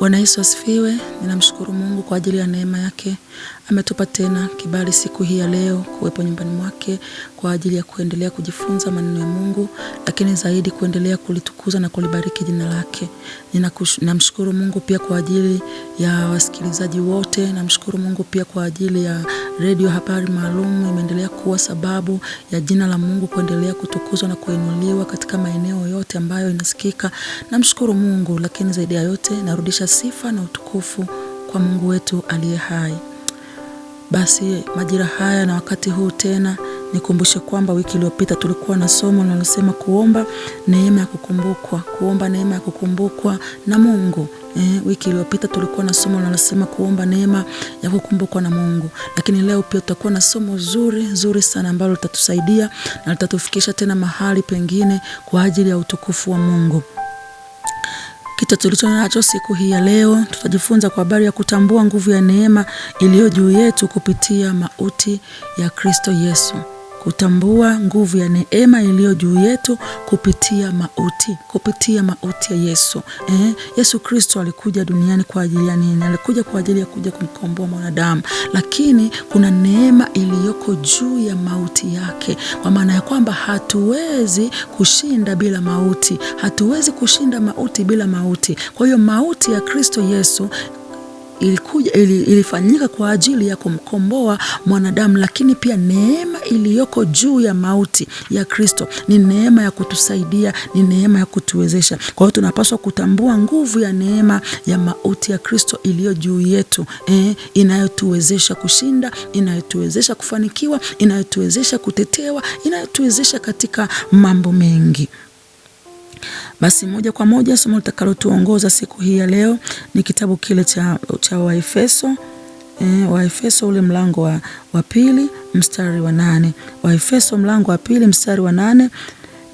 Bwana Yesu asifiwe. Ninamshukuru Mungu kwa ajili ya neema yake, ametupa tena kibali siku hii ya leo kuwepo nyumbani mwake kwa ajili ya kuendelea kujifunza maneno ya Mungu, lakini zaidi kuendelea kulitukuza na kulibariki jina lake. Ninamshukuru Mungu pia kwa ajili ya wasikilizaji wote. Namshukuru Mungu pia kwa ajili ya redio habari maalum, imeendelea kuwa sababu ya jina la Mungu kuendelea kutukuzwa na kuinuliwa katika maeneo yote ambayo inasikika. Namshukuru Mungu, lakini zaidi ya yote narudisha sifa na utukufu kwa Mungu wetu aliye hai. Basi majira haya na wakati huu tena Nikumbushe kwamba wiki iliyopita tulikuwa na somo linalosema kuomba neema ya kukumbukwa, kuomba neema ya kukumbukwa na Mungu. Eh, wiki iliyopita tulikuwa na somo linalosema kuomba neema ya kukumbukwa na Mungu, lakini leo pia tutakuwa na somo zuri zuri sana ambalo litatusaidia na litatufikisha tena mahali pengine kwa ajili ya utukufu wa Mungu. kitu tulicho nacho siku hii ya leo, tutajifunza kwa habari ya kutambua nguvu ya neema iliyo juu yetu kupitia mauti ya Kristo Yesu kutambua nguvu ya neema iliyo juu yetu kupitia mauti, kupitia mauti ya Yesu. Eh, Yesu Kristo alikuja duniani kwa ajili ya nini? Alikuja kwa ajili ya kuja kumkomboa mwanadamu, lakini kuna neema iliyoko juu ya mauti yake, kwa maana ya kwamba hatuwezi kushinda bila mauti, hatuwezi kushinda mauti bila mauti. Kwa hiyo mauti ya Kristo Yesu ilikuja, ilifanyika kwa ajili ya kumkomboa mwanadamu, lakini pia neema iliyoko juu ya mauti ya Kristo ni neema ya kutusaidia, ni neema ya kutuwezesha. Kwa hiyo tunapaswa kutambua nguvu ya neema ya mauti ya Kristo iliyo juu yetu eh, inayotuwezesha kushinda, inayotuwezesha kufanikiwa, inayotuwezesha kutetewa, inayotuwezesha katika mambo mengi. Basi moja kwa moja somo litakalotuongoza siku hii ya leo ni kitabu kile cha, cha Waefeso E, Waefeso ule mlango wa, wa pili mstari wa nane. Waefeso mlango wa pili mstari wa nane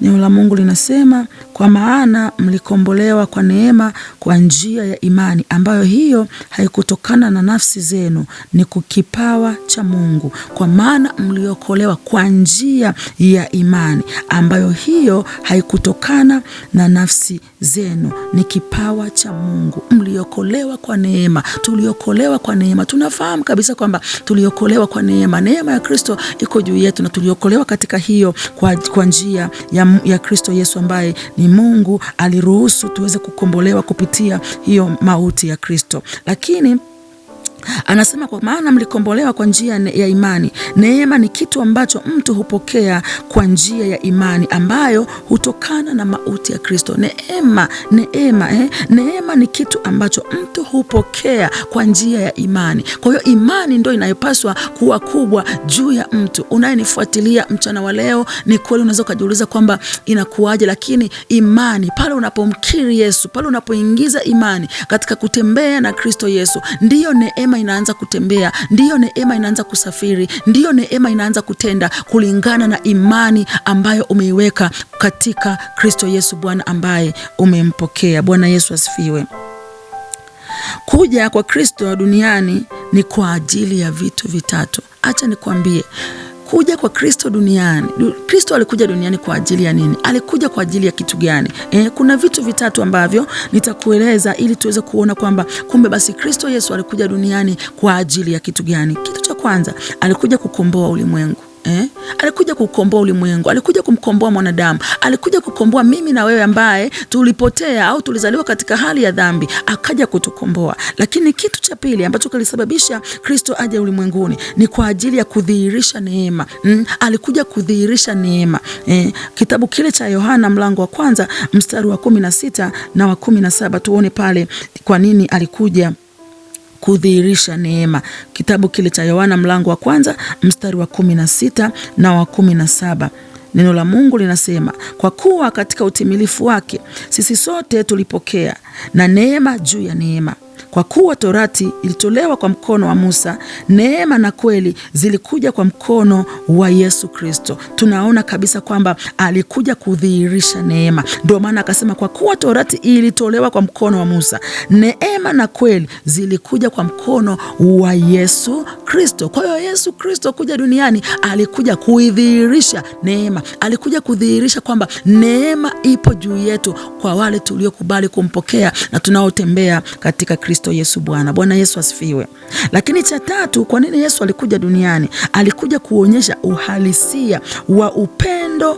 Neno la Mungu linasema, kwa maana mlikombolewa kwa neema kwa njia ya imani, ambayo hiyo haikutokana na nafsi zenu, ni kukipawa cha Mungu. Kwa maana mliokolewa kwa njia ya imani, ambayo hiyo haikutokana na nafsi zenu, ni kipawa cha Mungu. Mliokolewa kwa neema, tuliokolewa kwa neema. Tunafahamu kabisa kwamba tuliokolewa kwa neema, neema ya Kristo iko juu yetu, na tuliokolewa katika hiyo kwa, kwa njia ya ya, Kristo Yesu ambaye ni Mungu aliruhusu tuweze kukombolewa kupitia hiyo mauti ya Kristo, lakini Anasema kwa maana mlikombolewa kwa njia ya imani. Neema ni kitu ambacho mtu hupokea kwa njia ya imani ambayo hutokana na mauti ya Kristo. Neema, neema, eh? Neema ni kitu ambacho mtu hupokea kwa njia ya imani. Kwa hiyo imani ndio inayopaswa kuwa kubwa juu ya mtu. Unayenifuatilia mchana wa leo, ni kweli unaweza ukajiuliza kwamba inakuwaje, lakini imani pale unapomkiri Yesu, pale unapoingiza imani katika kutembea na Kristo Yesu, ndiyo neema neema inaanza kutembea, ndiyo neema inaanza kusafiri, ndiyo neema inaanza kutenda kulingana na imani ambayo umeiweka katika Kristo Yesu Bwana ambaye umempokea. Bwana Yesu asifiwe. Kuja kwa Kristo duniani ni kwa ajili ya vitu vitatu. Acha nikwambie, kuja kwa Kristo duniani. Kristo alikuja duniani kwa ajili ya nini? Alikuja kwa ajili ya kitu gani? E, kuna vitu vitatu ambavyo nitakueleza ili tuweze kuona kwamba kumbe basi Kristo Yesu alikuja duniani kwa ajili ya kitu gani. Kitu cha kwanza, alikuja kukomboa ulimwengu eh? Alikuja kukomboa ulimwengu, alikuja kumkomboa mwanadamu, alikuja kukomboa mimi na wewe ambaye tulipotea au tulizaliwa katika hali ya dhambi, akaja kutukomboa. Lakini kitu cha pili ambacho kilisababisha Kristo aje ulimwenguni ni kwa ajili ya kudhihirisha neema mm? Alikuja kudhihirisha neema eh? Kitabu kile cha Yohana mlango wa kwanza mstari wa kumi na sita na wa kumi na saba tuone pale kwa nini alikuja kudhihirisha neema. Kitabu kile cha Yohana mlango wa kwanza mstari wa kumi na sita na wa kumi na saba. Neno la Mungu linasema, kwa kuwa katika utimilifu wake sisi sote tulipokea na neema juu ya neema. Kwa kuwa torati ilitolewa kwa mkono wa Musa, neema na kweli zilikuja kwa mkono wa Yesu Kristo. Tunaona kabisa kwamba alikuja kudhihirisha neema. Ndio maana akasema, kwa kuwa torati ilitolewa kwa mkono wa Musa, neema na kweli zilikuja kwa mkono wa Yesu Kristo. Kwa hiyo Yesu Kristo kuja duniani alikuja kuidhihirisha neema, alikuja kudhihirisha kwamba neema ipo juu yetu kwa wale tuliokubali kumpokea tunaotembea na tunaotembea katika Kristo Yesu Bwana. Bwana Yesu asifiwe. Lakini cha tatu, kwa nini Yesu alikuja duniani? Alikuja kuonyesha uhalisia wa upendo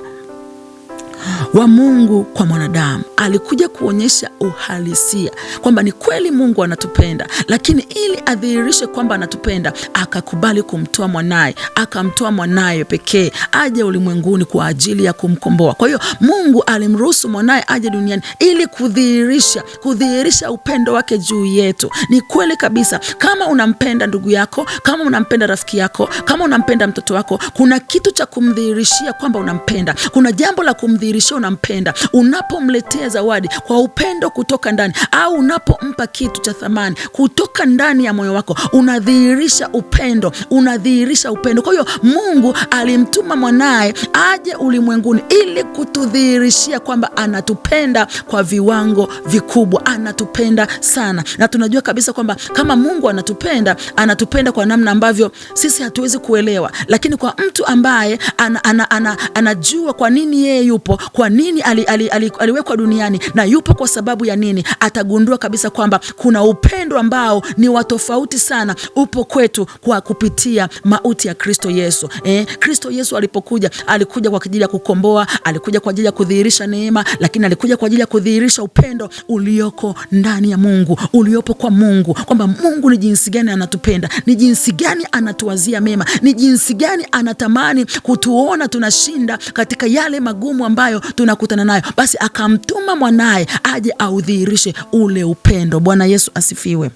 wa Mungu kwa mwanadamu. Alikuja kuonyesha uhalisia kwamba ni kweli Mungu anatupenda, lakini ili adhihirishe kwamba anatupenda akakubali kumtoa mwanaye, akamtoa mwanaye pekee aje ulimwenguni kwa ajili ya kumkomboa. Kwa hiyo Mungu alimruhusu mwanaye aje duniani ili kudhihirisha kudhihirisha upendo wake juu yetu. Ni kweli kabisa, kama unampenda ndugu yako, kama unampenda rafiki yako, kama unampenda mtoto wako, kuna kitu cha kumdhihirishia kwamba unampenda, kuna jambo la kumdhihirishia unamdhihirisha unampenda, unapomletea zawadi kwa upendo kutoka ndani, au unapompa kitu cha thamani kutoka ndani ya moyo wako, unadhihirisha upendo, unadhihirisha upendo. Kwa hiyo Mungu alimtuma mwanaye aje ulimwenguni ili kutudhihirishia kwamba anatupenda kwa viwango vikubwa, anatupenda sana, na tunajua kabisa kwamba kama Mungu anatupenda, anatupenda kwa namna ambavyo sisi hatuwezi kuelewa, lakini kwa mtu ambaye anajua ana, ana, ana, ana kwa nini yeye yupo kwa nini ali, ali, ali, aliwekwa duniani na yupo kwa sababu ya nini, atagundua kabisa kwamba kuna upendo ambao ni wa tofauti sana upo kwetu kwa kupitia mauti ya Kristo Yesu. Eh, Kristo Yesu alipokuja alikuja kwa ajili ya kukomboa, alikuja kwa ajili ya kudhihirisha neema, lakini alikuja kwa ajili ya kudhihirisha upendo ulioko ndani ya Mungu, uliopo kwa Mungu, kwamba Mungu ni jinsi gani anatupenda, ni jinsi gani anatuwazia mema, ni jinsi gani anatamani kutuona tunashinda katika yale magumu ambayo ambayo tunakutana nayo, basi akamtuma mwanaye aje audhihirishe ule upendo. Bwana Yesu asifiwe.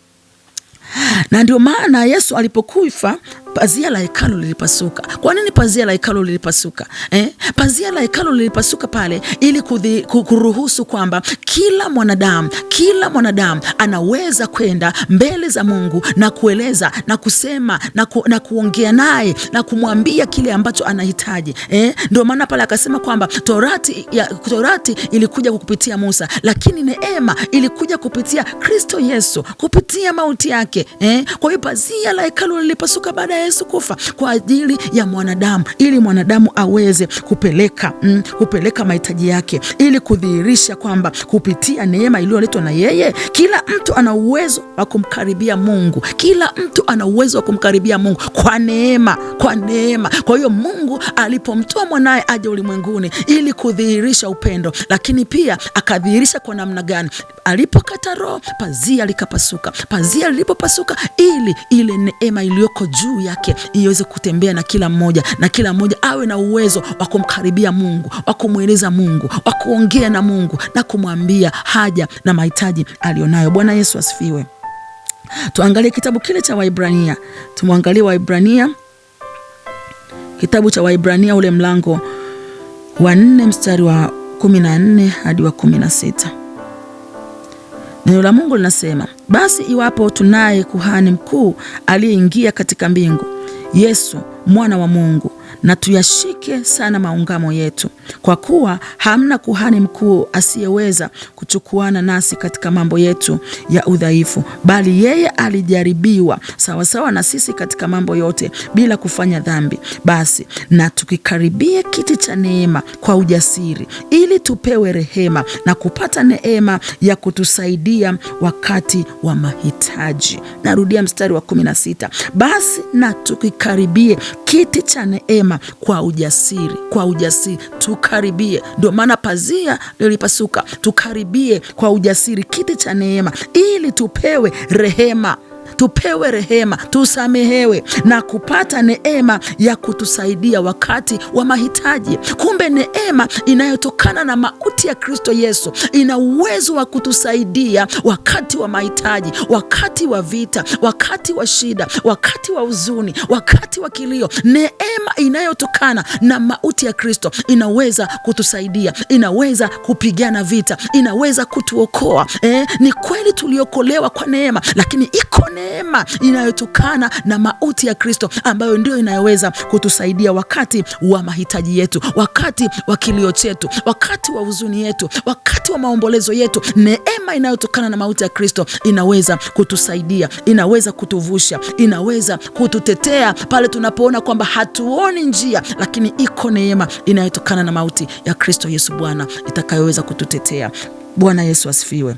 Na ndio maana Yesu alipokufa Pazia la hekalu lilipasuka. Kwa nini pazia la hekalu lilipasuka eh? Pazia la hekalu lilipasuka pale ili kuthi, kuruhusu kwamba kila mwanadamu kila mwanadamu anaweza kwenda mbele za Mungu na kueleza na kusema na, ku, na kuongea naye na kumwambia kile ambacho anahitaji eh? Ndio maana pale akasema kwamba torati, ya, torati ilikuja kupitia Musa, lakini neema ilikuja kupitia Kristo Yesu kupitia mauti yake eh? Kwa hiyo pazia la hekalu lilipasuka baadaye Yesu kufa kwa ajili ya mwanadamu ili mwanadamu aweze kupeleka mm, kupeleka mahitaji yake, ili kudhihirisha kwamba kupitia neema iliyoletwa na yeye, kila mtu ana uwezo wa kumkaribia Mungu. Kila mtu ana uwezo wa kumkaribia Mungu kwa neema, kwa neema. Kwa hiyo Mungu alipomtoa mwanaye aje ulimwenguni ili kudhihirisha upendo, lakini pia akadhihirisha kwa namna gani? Alipokata roho, pazia likapasuka. Pazia lilipopasuka, ili ile neema iliyoko juu ya yake iweze kutembea na kila mmoja, na kila mmoja awe na uwezo wa kumkaribia Mungu, wa kumweleza Mungu, wa kuongea na Mungu na kumwambia haja na mahitaji aliyonayo. Bwana Yesu asifiwe. Tuangalie kitabu kile cha Waibrania, tumwangalie Waibrania, kitabu cha Waibrania ule mlango wa nne mstari wa kumi na nne hadi wa kumi na sita. Neno la Mungu linasema, basi iwapo tunaye kuhani mkuu aliyeingia katika mbingu, Yesu mwana wa Mungu, na tuyashike sana maungamo yetu, kwa kuwa hamna kuhani mkuu asiyeweza kuchukuana nasi katika mambo yetu ya udhaifu, bali yeye alijaribiwa sawasawa na sisi katika mambo yote, bila kufanya dhambi. Basi na tukikaribie kiti cha neema kwa ujasiri, ili tupewe rehema na kupata neema ya kutusaidia wakati wa mahitaji. Narudia mstari wa 16, basi na tukikaribie kiti cha neema anasema kwa ujasiri, kwa ujasiri tukaribie. Ndio maana pazia lilipasuka, tukaribie kwa ujasiri kiti cha neema, ili tupewe rehema tupewe rehema, tusamehewe na kupata neema ya kutusaidia wakati wa mahitaji. Kumbe neema inayotokana na mauti ya Kristo Yesu ina uwezo wa kutusaidia wakati wa mahitaji, wakati wa vita, wakati wa shida, wakati wa huzuni, wakati wa kilio. Neema inayotokana na mauti ya Kristo inaweza kutusaidia, inaweza kupigana vita, inaweza kutuokoa. Eh, ni kweli tuliokolewa kwa neema, lakini iko neema neema inayotokana na mauti ya Kristo ambayo ndio inayoweza kutusaidia wakati wa mahitaji yetu, wakati wa kilio chetu, wakati wa huzuni yetu, wakati wa maombolezo yetu. Neema inayotokana na mauti ya Kristo inaweza kutusaidia, inaweza kutuvusha, inaweza kututetea pale tunapoona kwamba hatuoni njia, lakini iko neema inayotokana na mauti ya Kristo Yesu Bwana itakayoweza kututetea. Bwana Yesu asifiwe.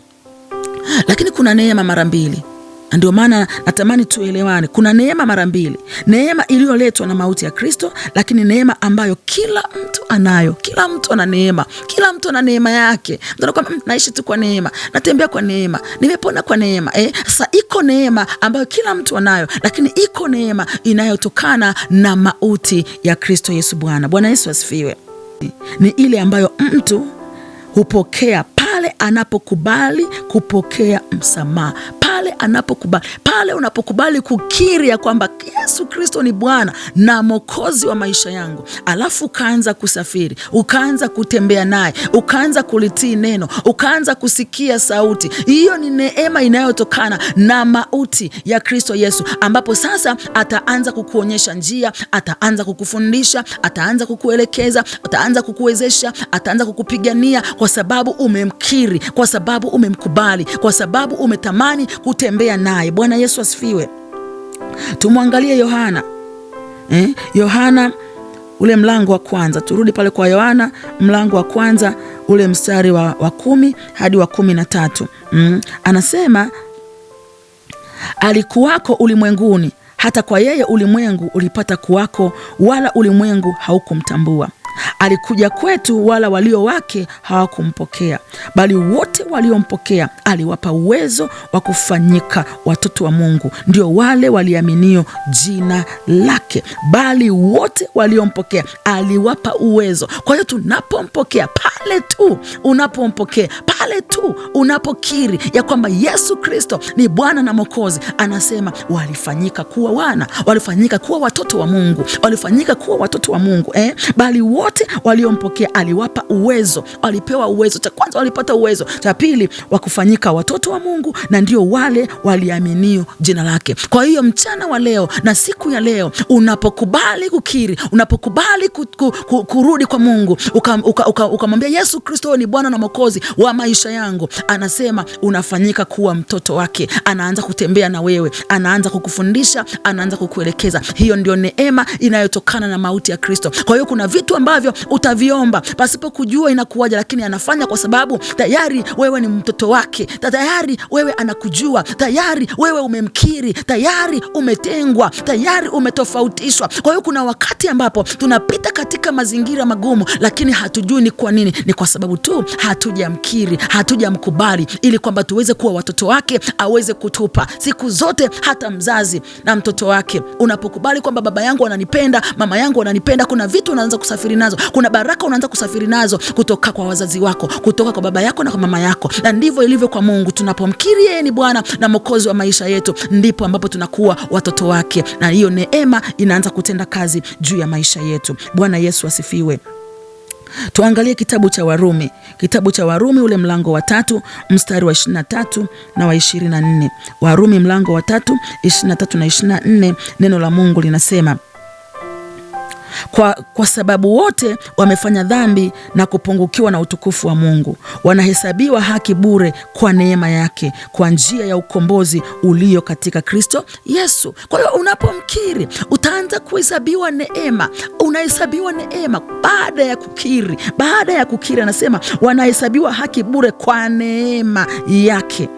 Lakini kuna neema mara mbili na ndio maana natamani tuelewane. Kuna neema mara mbili, neema iliyoletwa na mauti ya Kristo, lakini neema ambayo kila mtu anayo. Kila mtu ana neema, kila mtu ana neema yake. Hmm, naishi tu kwa neema, natembea kwa neema, nimepona kwa neema. Eh, sasa eh, iko neema ambayo kila mtu anayo, lakini iko neema inayotokana na mauti ya Kristo Yesu Bwana. Bwana Yesu asifiwe. Ni ile ambayo mtu hupokea pale anapokubali kupokea msamaha pale anapokubali, pale unapokubali kukiri ya kwamba Yesu Kristo ni Bwana na mokozi wa maisha yangu, alafu ukaanza kusafiri, ukaanza kutembea naye, ukaanza kulitii neno, ukaanza kusikia sauti, hiyo ni neema inayotokana na mauti ya Kristo Yesu, ambapo sasa ataanza kukuonyesha njia, ataanza kukufundisha, ataanza kukuelekeza, ataanza kukuwezesha, ataanza kukupigania, kwa sababu umemkiri, kwa sababu umemkubali, kwa sababu umetamani hutembea naye. Bwana Yesu asifiwe. Tumwangalie Yohana eh? Yohana ule mlango wa kwanza, turudi pale kwa Yohana mlango wa kwanza ule mstari wa, wa kumi hadi wa kumi na tatu mm. Anasema alikuwako ulimwenguni, hata kwa yeye ulimwengu ulipata kuwako, wala ulimwengu haukumtambua. Alikuja kwetu, wala walio wake hawakumpokea, bali wote waliompokea aliwapa uwezo wa kufanyika watoto wa Mungu, ndio wale waliaminio jina lake. Bali wote waliompokea aliwapa uwezo. Kwa hiyo tunapompokea, pale tu unapompokea, pale tu unapokiri ya kwamba Yesu Kristo ni Bwana na Mwokozi, anasema walifanyika kuwa wana, walifanyika kuwa watoto wa Mungu, walifanyika kuwa watoto wa Mungu eh? bali wote wote waliompokea aliwapa uwezo, walipewa uwezo. Cha kwanza walipata uwezo, cha pili wa kufanyika watoto wa Mungu, na ndio wale waliaminio jina lake. Kwa hiyo mchana wa leo na siku ya leo, unapokubali kukiri, unapokubali kurudi kwa Mungu ukamwambia uka, uka, uka Yesu Kristo ni Bwana na Mwokozi wa maisha yangu, anasema unafanyika kuwa mtoto wake, anaanza kutembea na wewe, anaanza kukufundisha, anaanza kukuelekeza. Hiyo ndio neema inayotokana na mauti ya Kristo. Kwa hiyo kuna vitu ambavyo ambavyo utaviomba pasipo kujua inakuwaja, lakini anafanya kwa sababu tayari wewe ni mtoto wake, tayari wewe anakujua, tayari wewe umemkiri, tayari umetengwa, tayari umetofautishwa. Kwa hiyo kuna wakati ambapo tunapita katika mazingira magumu, lakini hatujui ni kwa nini. Ni kwa sababu tu hatujamkiri, hatujamkubali, ili kwamba tuweze kuwa watoto wake, aweze kutupa siku zote. Hata mzazi na mtoto wake, unapokubali kwamba baba yangu ananipenda, mama yangu ananipenda, kuna vitu unaanza kusafiri na nazo, kuna baraka unaanza kusafiri nazo kutoka kwa wazazi wako, kutoka kwa baba yako na kwa mama yako. Na ndivyo ilivyo kwa Mungu, tunapomkiri yeye ni Bwana na Mwokozi wa maisha yetu, ndipo ambapo tunakuwa watoto wake, na hiyo neema inaanza kutenda kazi juu ya maisha yetu. Bwana Yesu asifiwe. Tuangalie kitabu cha Warumi, kitabu cha Warumi ule mlango wa tatu mstari wa 23 na wa 24. Warumi mlango wa tatu 23 na 24, neno la Mungu linasema kwa, kwa sababu wote wamefanya dhambi na kupungukiwa na utukufu wa Mungu, wanahesabiwa haki bure kwa neema yake kwa njia ya ukombozi ulio katika Kristo Yesu. Kwa hiyo unapomkiri utaanza kuhesabiwa neema, unahesabiwa neema baada ya kukiri. Baada ya kukiri, anasema wanahesabiwa haki bure kwa neema yake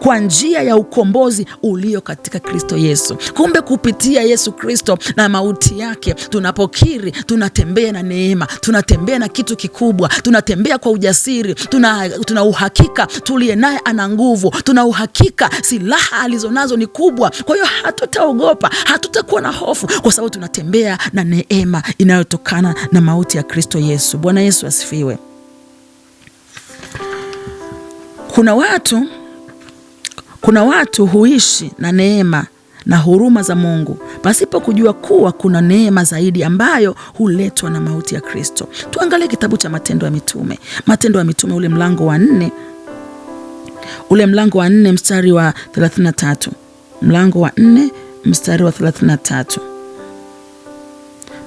kwa njia ya ukombozi ulio katika Kristo Yesu. Kumbe kupitia Yesu Kristo na mauti yake tunapokiri, tunatembea na neema, tunatembea na kitu kikubwa, tunatembea kwa ujasiri, tuna, tuna uhakika tuliye naye ana nguvu, tuna uhakika silaha alizonazo ni kubwa. Kwa hiyo hatutaogopa, hatutakuwa na hofu, kwa sababu tunatembea na neema inayotokana na mauti ya Kristo Yesu. Bwana Yesu asifiwe. Kuna watu kuna watu huishi na neema na huruma za Mungu pasipo kujua kuwa kuna neema zaidi ambayo huletwa na mauti ya Kristo. Tuangalie kitabu cha Matendo ya Mitume, Matendo ya Mitume ule mlango wa nne, ule mlango wa nne mstari wa 33, mlango wa nne mstari wa 33.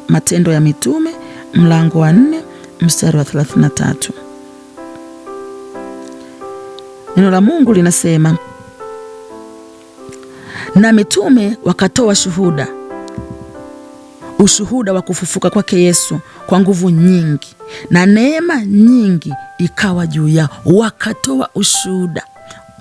Matendo ya Mitume mlango wa nne mstari wa 33, neno la Mungu linasema na mitume wakatoa shuhuda, ushuhuda wa kufufuka kwake Yesu kwa nguvu nyingi, na neema nyingi ikawa juu yao, wakatoa ushuhuda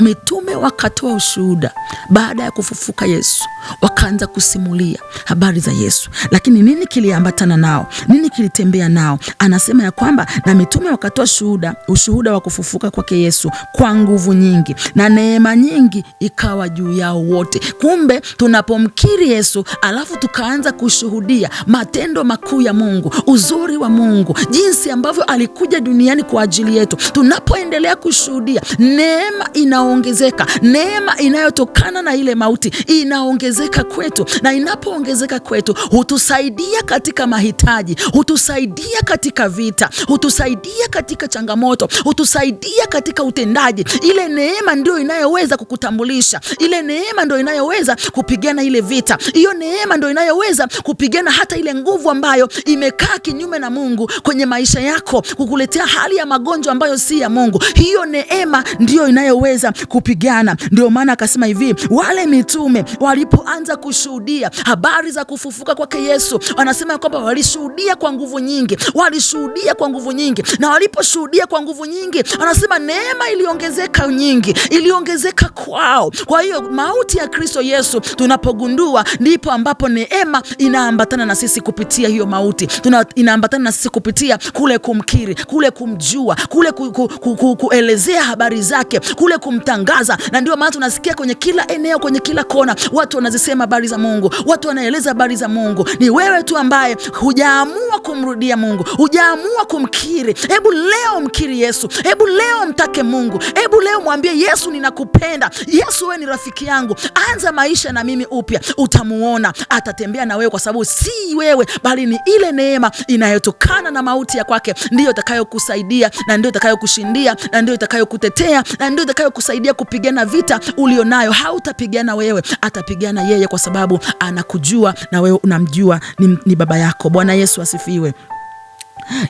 mitume wakatoa ushuhuda baada ya kufufuka Yesu, wakaanza kusimulia habari za Yesu. Lakini nini kiliambatana nao? Nini kilitembea nao? Anasema ya kwamba na mitume wakatoa shuhuda, ushuhuda wa kufufuka kwake Yesu kwa nguvu nyingi, na neema nyingi ikawa juu yao wote. Kumbe tunapomkiri Yesu alafu tukaanza kushuhudia matendo makuu ya Mungu, uzuri wa Mungu, jinsi ambavyo alikuja duniani kwa ajili yetu, tunapoendelea kushuhudia neema ina inaongezeka. Neema inayotokana na ile mauti inaongezeka kwetu, na inapoongezeka kwetu hutusaidia katika mahitaji, hutusaidia katika vita, hutusaidia katika changamoto, hutusaidia katika utendaji. Ile neema ndio inayoweza kukutambulisha, ile neema ndio inayoweza kupigana ile vita, hiyo neema ndio inayoweza kupigana hata ile nguvu ambayo imekaa kinyume na Mungu kwenye maisha yako, kukuletea hali ya magonjwa ambayo si ya Mungu. Hiyo neema ndiyo inayoweza kupigana. Ndio maana akasema hivi, wale mitume walipoanza kushuhudia habari za kufufuka kwake Yesu, wanasema kwamba walishuhudia kwa nguvu nyingi, walishuhudia kwa nguvu nyingi, na waliposhuhudia kwa nguvu nyingi, wanasema neema iliongezeka nyingi, iliongezeka kwao. Kwa hiyo mauti ya Kristo Yesu tunapogundua, ndipo ambapo neema inaambatana na sisi kupitia hiyo mauti tuna, inaambatana na sisi kupitia kule kumkiri, kule kumjua, kule ku, ku, ku, ku, kuelezea habari zake, kule kum kutangaza, na ndio maana tunasikia kwenye kila eneo, kwenye kila kona, watu wanazisema habari za Mungu, watu wanaeleza habari za Mungu. Ni wewe tu ambaye hujaamua kumrudia Mungu, hujaamua kumkiri. Hebu leo mkiri Yesu, hebu leo mtake Mungu, hebu leo mwambie Yesu, ninakupenda. Yesu, wewe ni rafiki yangu, anza maisha na mimi upya. Utamuona, atatembea na wewe, kwa sababu si wewe bali ni ile neema inayotokana na mauti ya kwake ndiyo itakayokusaidia na ndio itakayokushindia na ndio itakayokutetea na ndio itakayoku kukusaidia kupigana vita ulionayo, hautapigana wewe, atapigana yeye, kwa sababu anakujua na wewe unamjua, ni, ni baba yako. Bwana Yesu asifiwe.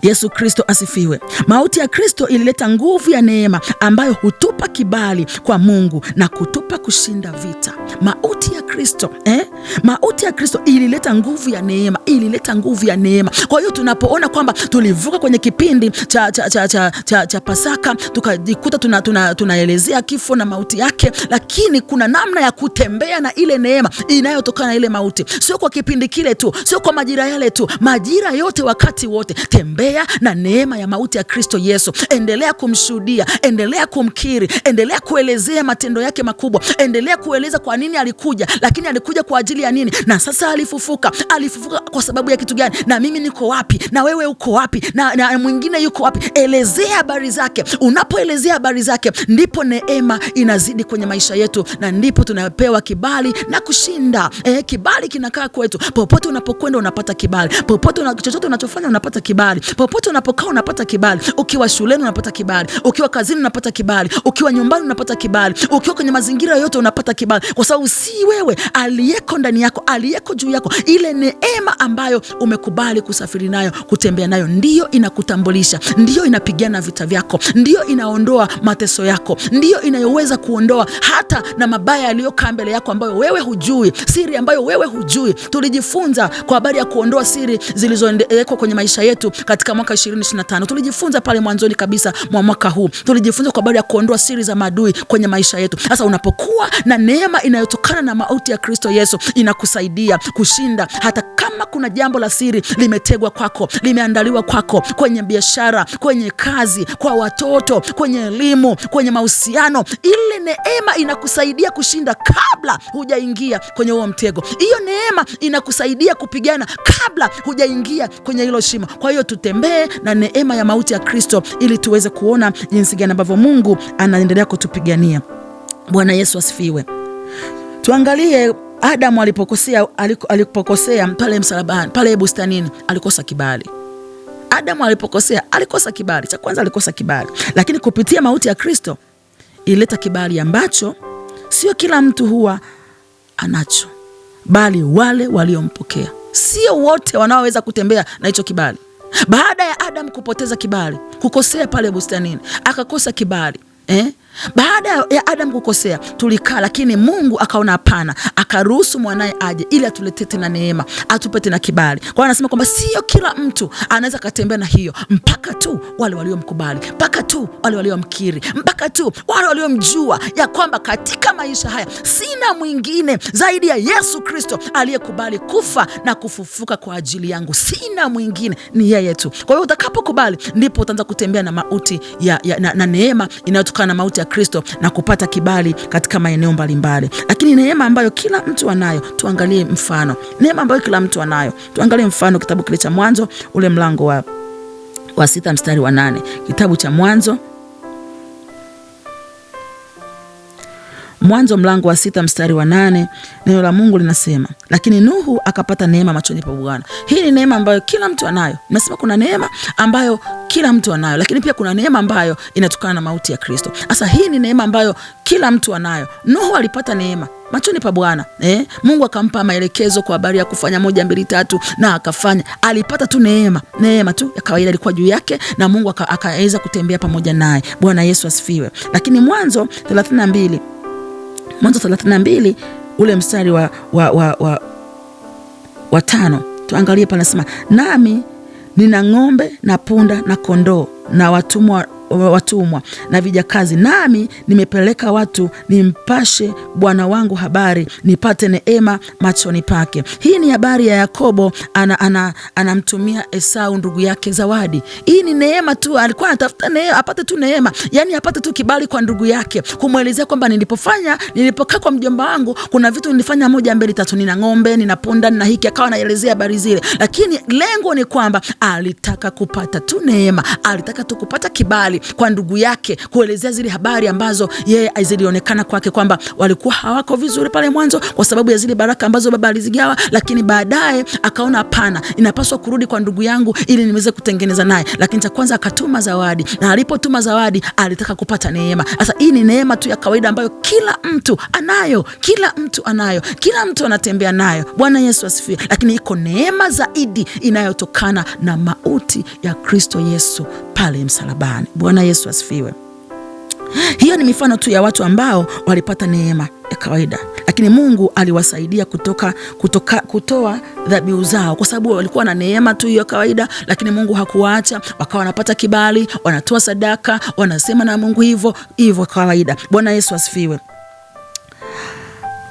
Yesu Kristo asifiwe. Mauti ya Kristo ilileta nguvu ya neema ambayo hutupa kibali kwa Mungu na kutupa kushinda vita. Mauti ya Kristo eh? Mauti ya Kristo ilileta nguvu ya neema, ilileta nguvu ya neema. Kwa hiyo tunapoona kwamba tulivuka kwenye kipindi cha, cha, cha, cha, cha, cha Pasaka tukajikuta tunaelezea tuna, tuna kifo na mauti yake, lakini kuna namna ya kutembea na ile neema inayotokana na ile mauti, sio kwa kipindi kile tu, sio kwa majira yale tu, majira yote, wakati wote tembea na neema ya mauti ya Kristo Yesu. Endelea kumshuhudia, endelea kumkiri, endelea kuelezea matendo yake makubwa, endelea kueleza kwa nini alikuja, lakini alikuja kwa ajili ya nini, na sasa alifufuka. Alifufuka kwa sababu ya kitu gani? Na mimi niko wapi? Na wewe uko wapi? Na, na mwingine yuko wapi? Elezea habari zake. Unapoelezea habari zake, ndipo neema inazidi kwenye maisha yetu, na ndipo tunapewa kibali na kushinda. Eh, kibali kinakaa kwetu. Popote unapokwenda unapata kibali, popote una, chochote unachofanya unapata kibali kibali. Popote unapokaa unapata kibali. Ukiwa shuleni unapata kibali, ukiwa kazini unapata kibali, ukiwa nyumbani unapata kibali, ukiwa kwenye mazingira yote unapata kibali, kwa sababu si wewe, aliyeko ndani yako, aliyeko juu yako, ile neema ambayo umekubali kusafiri nayo, kutembea nayo, ndiyo inakutambulisha, ndiyo inapigana vita vyako, ndiyo inaondoa mateso yako, ndiyo inayoweza kuondoa hata na mabaya yaliyokaa mbele yako, ambayo wewe hujui, siri ambayo wewe hujui. Tulijifunza kwa habari ya kuondoa siri zilizowekwa kwenye maisha yetu katika mwaka 2025. Tulijifunza pale mwanzoni kabisa mwa mwaka huu, tulijifunza kwa habari ya kuondoa siri za maadui kwenye maisha yetu. Sasa unapokuwa na neema inayotokana na mauti ya Kristo Yesu, inakusaidia kushinda hata kama kuna jambo la siri limetegwa kwako, limeandaliwa kwako, kwenye biashara, kwenye kazi, kwa watoto, kwenye elimu, kwenye mahusiano. Ile neema inakusaidia kushinda kabla hujaingia kwenye huo mtego. Hiyo neema inakusaidia kupigana kabla hujaingia kwenye hilo shimo. Kwa hiyo hiyo tutembee na neema ya mauti ya Kristo ili tuweze kuona jinsi gani ambavyo Mungu anaendelea kutupigania. Bwana Yesu asifiwe. Tuangalie Adamu alipokosea, alipokosea pale msalabani, pale bustanini, alikosa kibali. Adamu alipokosea alikosa kibali. Cha kwanza alikosa kibali, lakini kupitia mauti ya Kristo ilileta kibali ambacho sio kila mtu huwa anacho, bali wale waliompokea. Sio wote wanaoweza kutembea na hicho kibali. Baada ya Adam kupoteza kibali, kukosea pale bustanini, akakosa kibali eh? Baada ya Adam kukosea, tulikaa, lakini Mungu akaona hapana, akaruhusu mwanaye aje ili atuletee tena neema, atupe tena kibali. Kwa hiyo anasema kwamba sio kila mtu anaweza akatembea na hiyo, mpaka tu wale waliomkubali, mpaka tu wale waliomkiri, mpaka tu wale waliomjua ya kwamba katika maisha haya sina mwingine zaidi ya Yesu Kristo aliyekubali kufa na kufufuka kwa ajili yangu. Sina mwingine, ni yeye tu. Kwa hiyo utakapokubali, ndipo utaanza kutembea na mauti ya, ya, na, na neema inayotokana na mauti ya Kristo na kupata kibali katika maeneo mbalimbali. Lakini neema ambayo kila mtu anayo, tuangalie mfano. Neema ambayo kila mtu anayo, tuangalie mfano, kitabu kile cha Mwanzo ule mlango wa, wa sita mstari wa nane, kitabu cha Mwanzo Mwanzo mlango wa sita mstari wa nane neno la Mungu linasema, lakini Nuhu akapata neema machoni pa Bwana. Hii ni neema ambayo kila mtu anayo. Nasema kuna neema ambayo kila mtu anayo, lakini pia kuna neema ambayo inatokana na mauti ya Kristo. Sasa hii ni neema ambayo kila mtu anayo. Nuhu alipata neema machoni pa Bwana eh? Mungu akampa maelekezo kwa habari ya kufanya moja mbili tatu, na akafanya. Alipata tu neema, neema tu ya kawaida ilikuwa juu yake, na Mungu akaweza kutembea pamoja naye. Bwana Yesu asifiwe. Lakini Mwanzo mbili Mwanzo 32 ule mstari wa, wa, wa, wa, wa tano, tuangalie panasema nasema nami nina ng'ombe na punda na kondoo na watumwa watumwa na vijakazi, nami nimepeleka watu nimpashe bwana wangu habari, nipate neema machoni pake. Hii ni habari ya Yakobo anamtumia ana, ana Esau ndugu yake zawadi. Hii ni neema tu, alikuwa anatafuta neema, apate tu neema, yani apate tu kibali kwa ndugu yake, kumwelezea kwamba nilipofanya, nilipokaa kwa mjomba wangu kuna vitu nilifanya moja mbili tatu, nina ng'ombe, nina punda, nina hiki, akawa anaelezea habari zile, lakini lengo ni kwamba alitaka kupata tu neema, alitaka tu kupata kibali habari kwa ndugu yake, kuelezea zile habari ambazo yeye zilionekana kwake kwamba walikuwa hawako vizuri pale mwanzo, kwa sababu ya zile baraka ambazo baba alizigawa, lakini baadaye akaona hapana, inapaswa kurudi kwa ndugu yangu ili niweze kutengeneza naye. Lakini cha kwanza akatuma zawadi, na alipotuma zawadi alitaka kupata neema. Sasa hii ni neema tu ya kawaida ambayo kila mtu anayo, kila mtu anayo, kila mtu anatembea nayo. Bwana Yesu asifiwe. Lakini iko neema zaidi inayotokana na mauti ya Kristo Yesu pale msalabani. Bwana Yesu asifiwe. Hiyo ni mifano tu ya watu ambao walipata neema ya kawaida, lakini Mungu aliwasaidia kutoka, kutoka, kutoa dhabihu zao, kwa sababu walikuwa na neema tu hiyo kawaida, lakini Mungu hakuwaacha, wakawa wanapata kibali, wanatoa sadaka, wanasema na Mungu hivyo hivyo kawaida. Bwana Yesu asifiwe.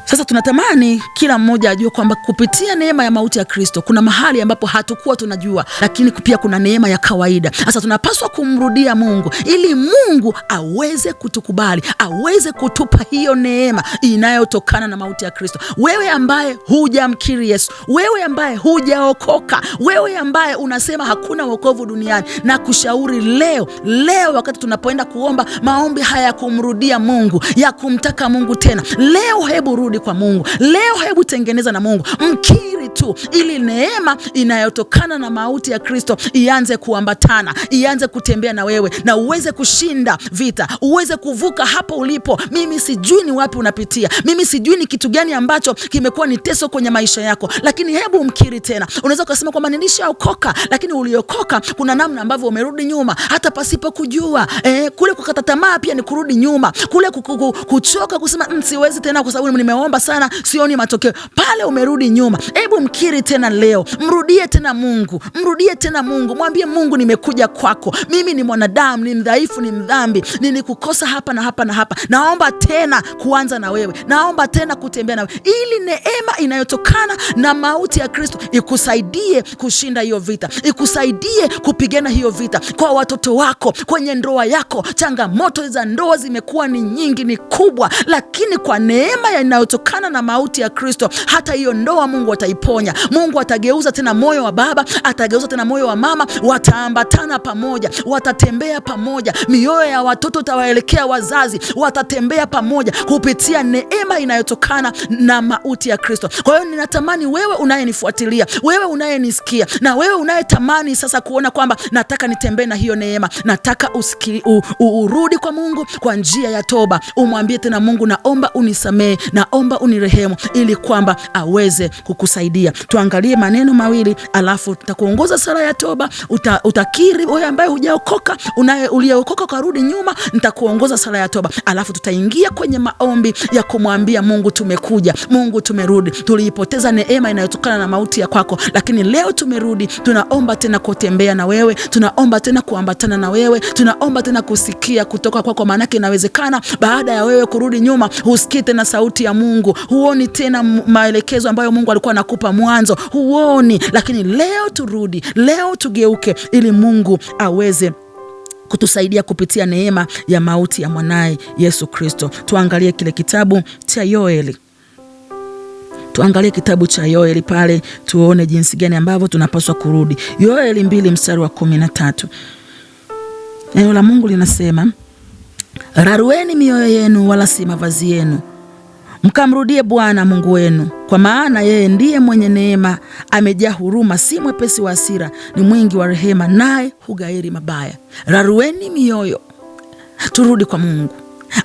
Sasa tunatamani kila mmoja ajue kwamba kupitia neema ya mauti ya Kristo kuna mahali ambapo hatukuwa tunajua, lakini pia kuna neema ya kawaida. Sasa tunapaswa kumrudia Mungu ili Mungu aweze kutukubali, aweze kutupa hiyo neema inayotokana na mauti ya Kristo. Wewe ambaye hujamkiri Yesu, wewe ambaye hujaokoka, wewe ambaye unasema hakuna wokovu duniani, na kushauri leo, leo wakati tunapoenda kuomba maombi haya ya kumrudia Mungu, ya kumtaka Mungu tena, leo hebu rudi kwa Mungu leo. Hebu tengeneza na Mungu, mkiri mbali tu, ili neema inayotokana na mauti ya Kristo ianze kuambatana, ianze kutembea na wewe, na uweze kushinda vita, uweze kuvuka hapo ulipo. Mimi sijui ni wapi unapitia, mimi sijui ni kitu gani ambacho kimekuwa ni teso kwenye maisha yako, lakini hebu mkiri tena. Unaweza ukasema kwamba nilishaokoka, lakini uliokoka, kuna namna ambavyo umerudi nyuma hata pasipo kujua. Eh, kule kukata tamaa pia ni kurudi nyuma, kule kuchoka kusema mm, siwezi tena kwa sababu nimeomba sana, sioni matokeo, pale umerudi nyuma. Hebu mkiri tena leo, mrudie tena Mungu, mrudie tena Mungu, mwambie Mungu, nimekuja kwako, mimi ni mwanadamu, ni mdhaifu, ni mdhambi, nilikukosa hapa na hapa na hapa. Naomba tena kuanza na wewe, naomba tena kutembea na wewe, ili neema inayotokana na mauti ya Kristo ikusaidie kushinda hiyo vita, ikusaidie kupigana hiyo vita kwa watoto wako, kwenye ndoa yako. Changamoto za ndoa zimekuwa ni nyingi, ni kubwa, lakini kwa neema inayotokana na mauti ya Kristo, hata hiyo ndoa Mungu ataipa ataponya. Mungu atageuza tena moyo wa baba, atageuza tena moyo wa mama, wataambatana pamoja, watatembea pamoja, mioyo ya watoto tawaelekea wazazi, watatembea pamoja kupitia neema inayotokana na mauti ya Kristo. Kwa hiyo ninatamani wewe unayenifuatilia, wewe unayenisikia, na wewe unayetamani sasa kuona kwamba nataka nitembee na hiyo neema, nataka usiki, u, urudi kwa Mungu kwa njia ya toba, umwambie tena Mungu, naomba unisamehe, naomba unirehemu, ili kwamba aweze kukusaidia kusaidia. Tuangalie maneno mawili, alafu takuongoza sala ya toba. Uta, utakiri wewe ambaye hujaokoka, unaye uliyeokoka ukarudi nyuma, nitakuongoza sala ya toba, alafu tutaingia kwenye maombi ya kumwambia Mungu, tumekuja Mungu, tumerudi, tuliipoteza neema inayotokana na mauti ya kwako, lakini leo tumerudi, tunaomba tena kutembea na wewe, tunaomba tena kuambatana na wewe, tunaomba tena kusikia kutoka kwako, maanake inawezekana baada ya wewe kurudi nyuma, husikii tena sauti ya Mungu, huoni tena maelekezo ambayo Mungu alikuwa anakupa kukupa mwanzo, huoni. Lakini leo turudi, leo tugeuke, ili Mungu aweze kutusaidia kupitia neema ya mauti ya mwanaye Yesu Kristo. Tuangalie kile kitabu cha Yoeli, tuangalie kitabu cha Yoeli pale, tuone jinsi gani ambavyo tunapaswa kurudi. Yoeli mbili mstari wa kumi na tatu neno la Mungu linasema, rarueni mioyo yenu, wala si mavazi yenu Mkamrudie Bwana Mungu wenu, kwa maana yeye ndiye mwenye neema, amejaa huruma, si mwepesi wa hasira, ni mwingi wa rehema, naye hugairi mabaya. Rarueni mioyo. Turudi kwa Mungu,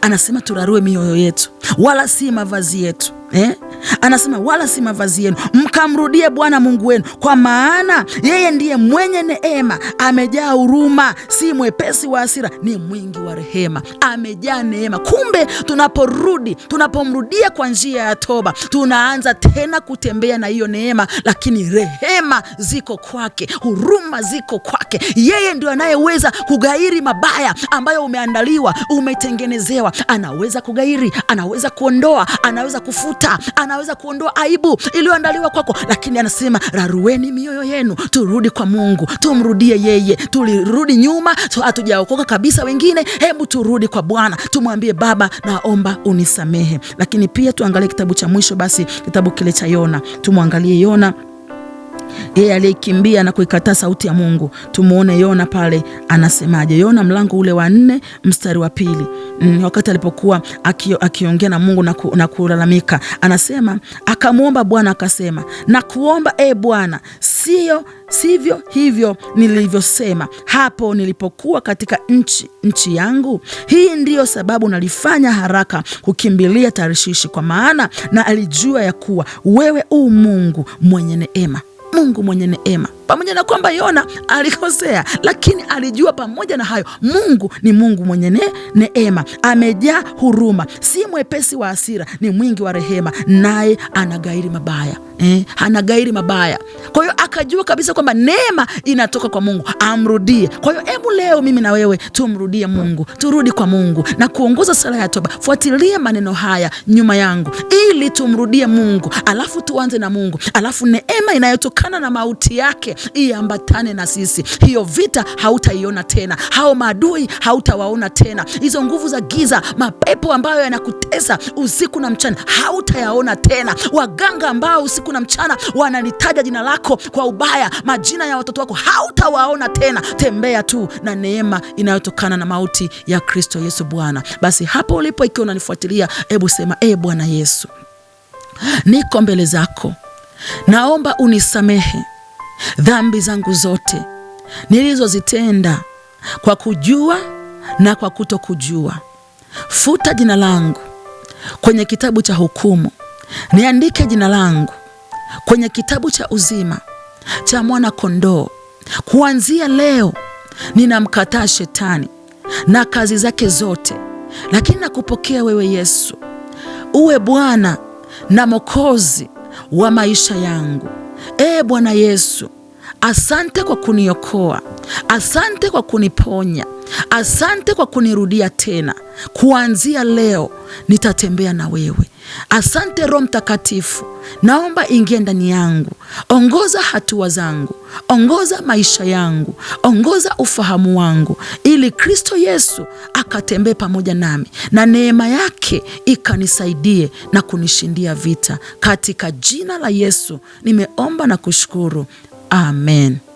anasema turarue mioyo yetu, wala si mavazi yetu eh? Anasema wala si mavazi yenu, mkamrudie Bwana Mungu wenu, kwa maana yeye ndiye mwenye neema, amejaa huruma, si mwepesi wa hasira, ni mwingi wa rehema, amejaa neema. Kumbe tunaporudi, tunapomrudia kwa njia ya toba, tunaanza tena kutembea na hiyo neema, lakini rehema ziko kwake, huruma ziko kwake. Yeye ndio anayeweza kugairi mabaya ambayo umeandaliwa, umetengenezewa. Anaweza kugairi, anaweza kuondoa, anaweza kufuta hata anaweza kuondoa aibu iliyoandaliwa kwako, lakini anasema rarueni mioyo yenu, turudi kwa Mungu, tumrudie yeye. Tulirudi nyuma, hatujaokoka kabisa wengine, hebu turudi kwa Bwana, tumwambie Baba, naomba unisamehe. Lakini pia tuangalie kitabu cha mwisho basi, kitabu kile cha Yona, tumwangalie Yona yeye aliyekimbia na kuikataa sauti ya Mungu. Tumuone Yona pale anasemaje, Yona mlango ule wa nne mstari wa pili. Mm, wakati alipokuwa akiongea na Mungu na, ku, na kulalamika, anasema akamwomba Bwana akasema, na kuomba e Bwana, sio sivyo hivyo nilivyosema hapo nilipokuwa katika nchi nchi yangu. Hii ndiyo sababu nalifanya haraka kukimbilia tarishishi kwa maana na alijua ya kuwa wewe u Mungu mwenye neema. Mungu mwenye neema. Pamoja na kwamba Yona alikosea, lakini alijua pamoja na hayo Mungu ni Mungu mwenye ne, neema, amejaa huruma, si mwepesi wa hasira, ni mwingi wa rehema, naye anagairi mabaya eh, anagairi mabaya. Kwa hiyo akajua kabisa kwamba neema inatoka kwa Mungu, amrudie. Kwa hiyo hebu leo mimi na wewe tumrudie Mungu, turudi kwa Mungu na kuongoza sala ya toba. Fuatilia maneno haya nyuma yangu, ili tumrudie Mungu, alafu tuanze na Mungu, alafu neema inayotoka kutokana na mauti yake iambatane na sisi. Hiyo vita hautaiona tena, hao maadui hautawaona tena, hizo nguvu za giza, mapepo ambayo yanakutesa usiku na mchana hautayaona tena, waganga ambao usiku na mchana wananitaja jina lako kwa ubaya, majina ya watoto wako hautawaona tena. Tembea tu na neema inayotokana na mauti ya Kristo Yesu Bwana. Basi hapo ulipo, ikiwa unanifuatilia, hebu sema: E Bwana Yesu, niko mbele zako naomba unisamehe dhambi zangu zote nilizozitenda kwa kujua na kwa kutokujua. Futa jina langu kwenye kitabu cha hukumu, niandike jina langu kwenye kitabu cha uzima cha mwana kondoo. Kuanzia leo ninamkataa shetani na kazi zake zote, lakini nakupokea wewe Yesu, uwe Bwana na Mwokozi wa maisha yangu. Ee Bwana Yesu, asante kwa kuniokoa, asante kwa kuniponya, asante kwa kunirudia tena. Kuanzia leo nitatembea na wewe. Asante Roho Mtakatifu, naomba ingia ndani yangu, ongoza hatua zangu, ongoza maisha yangu, ongoza ufahamu wangu, ili Kristo Yesu akatembee pamoja nami na neema yake ikanisaidie na kunishindia vita. Katika jina la Yesu nimeomba na kushukuru, amen.